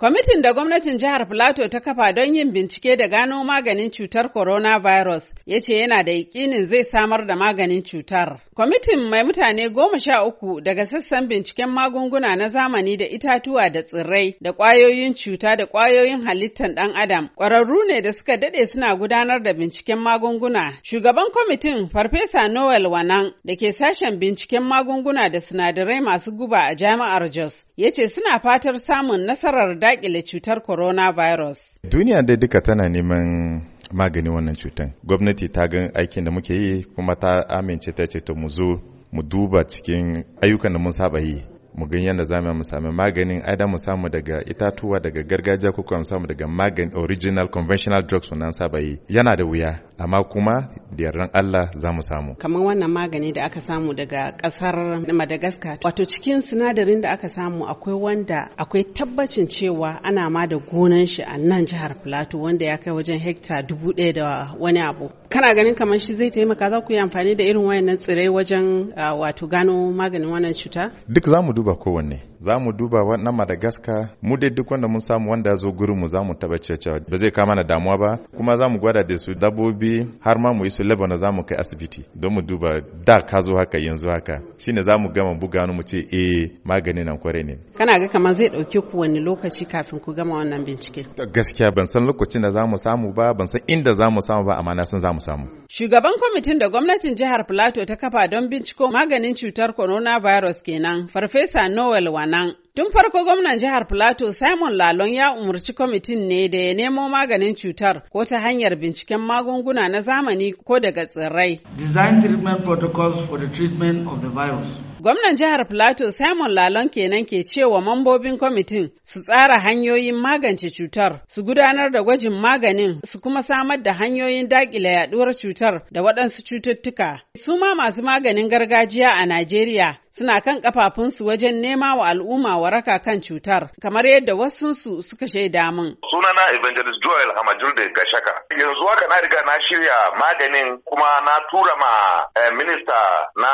Kwamitin da gwamnatin jihar Filato ta kafa don yin bincike da gano maganin cutar coronavirus ya ce yana da yakinin zai samar da maganin cutar. Kwamitin mai mutane goma sha uku daga sassan binciken magunguna na zamani da itatuwa da tsirrai da kwayoyin cuta da ƙwayoyin halittan ɗan adam ƙwararru ne da suka dade suna gudanar da binciken magunguna. Shugaban kwamitin Farfesa Noel Wanan da ke sashen binciken magunguna da sinadarai masu guba a jami'ar Jos ya ce suna fatar samun nasarar dakile cutar coronavirus. Duniya dai duka tana neman magani wannan cutar. Gwamnati ta gan aikin da muke yi kuma ta amince ta ce ta mu zo mu duba cikin ayyukan da mun saba yi. mu gan yadda za mu samu. maganin aida mu samu daga itatuwa daga gargajiya ko kuma mu samu daga magani original conventional drugs wannan saba yi yana da wuya amma kuma da yardan Allah za mu samu. Kamar wannan magani da aka samu daga kasar Madagascar wato cikin sinadarin da aka samu akwai wanda akwai tabbacin cewa ana ma da gonan shi a nan jihar Plateau wanda ya kai wajen hekta dubu ɗaya da wani abu. Kana ganin kamar shi zai taimaka za ku yi amfani da irin wayannan tsirai wajen ah, wato gano maganin wannan cuta? Duk za mu duba kowanne. za mu duba na Madagascar mu dai duk wanda mun samu wanda zo gurin mu za mu taba cewa ba zai kama na damuwa ba kuma za mu gwada da su dabobi har ma mu yi su Lebanon za mu kai asibiti don mu duba da ka zo haka yanzu haka shine za mu gama buga mu ce eh maganin nan kware ne kana ga kamar zai dauke ku wani lokaci kafin ku gama wannan bincike gaskiya ban san lokacin da za mu samu ba ban san inda za mu samu ba amma na san za mu samu shugaban kwamitin da gwamnatin jihar Plateau ta kafa don binciko maganin cutar coronavirus kenan farfesa Noel Wan nan. Tun farko gwamnan jihar Filato Simon Lalon ya umarci kwamitin ne da ya nemo maganin cutar ko ta hanyar binciken magunguna na zamani ko daga tsirrai. Design treatment protocols for the treatment of the virus. Gwamnan jihar Plateau Simon Lalon kenan ke cewa mambobin kwamitin su tsara hanyoyin magance cutar, su gudanar da gwajin maganin, su kuma samar da hanyoyin dakile yaduwar cutar da waɗansu cututtuka. Su ma masu maganin gargajiya a Najeriya suna kan kafafunsu wajen nema wa al'umma waraka kan cutar kamar yadda wasunsu suka shaida min. Sunana Evangelist Joel Hamajul Gashaka. Yanzu haka na riga na shirya maganin kuma na tura ma eh, minista na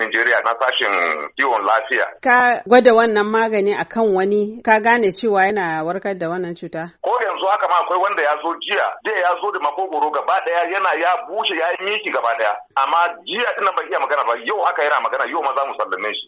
Nigeria na sashen aikin kiwon lafiya. Ka gwada wannan magani akan wani ka gane cewa yana warkar da wannan cuta? Ko haka ma akwai wanda ya zo jiya da ya zo da makogoro gaba daya yana ya bushe ya yi miki gaba daya amma jiya ina ba iya magana ba yau haka yana magana yau ma za mu sallame shi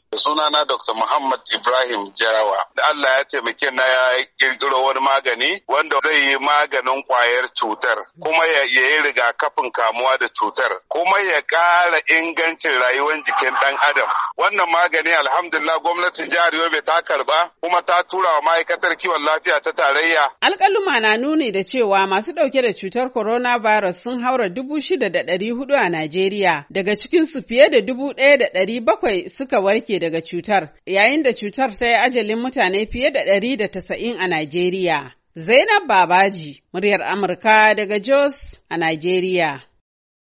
na dr muhammad ibrahim jarawa da allah ya taimake na ya kirkiro wani magani wanda zai yi maganin kwayar cutar kuma ya yi rigakafin kamuwa da cutar kuma ya kara ingancin rayuwar jikin dan adam wannan magani alhamdulillah gwamnatin jihar yobe ta karba kuma ta tura wa ma'aikatar kiwon lafiya ta tarayya alƙaluma na na nuni da cewa masu ɗauke da cutar coronavirus sun haura dubu shida da ɗari hudu a Najeriya, daga cikinsu fiye da dubu ɗaya da ɗari bakwai suka warke daga cutar, yayin da cutar ta yi ajalin mutane fiye da ɗari da tasa'in a Najeriya. Zainab Babaji, muryar Amurka daga Jos a Najeriya.